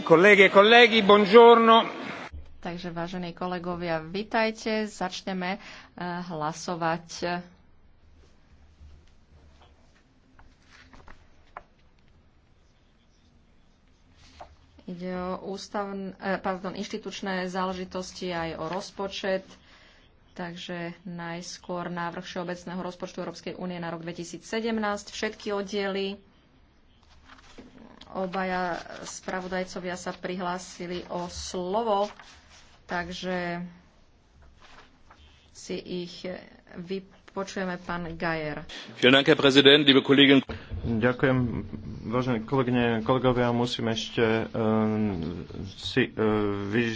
Kolegie kolegi, buongiorno. Takže vážení kolegovia, vitajte. Začneme eh, hlasovať. Ide o ústavn, eh, pardon, inštitučné záležitosti aj o rozpočet. Takže najskôr návrh Všeobecného rozpočtu Európskej únie na rok 2017, všetky oddiely. Obaja spravodajcovia sa prihlásili o slovo, takže si ich vypočujeme pán Gajer. Ďakujem, vážené kolegyne, kolegovia. Musím ešte eh, si uh, vyž-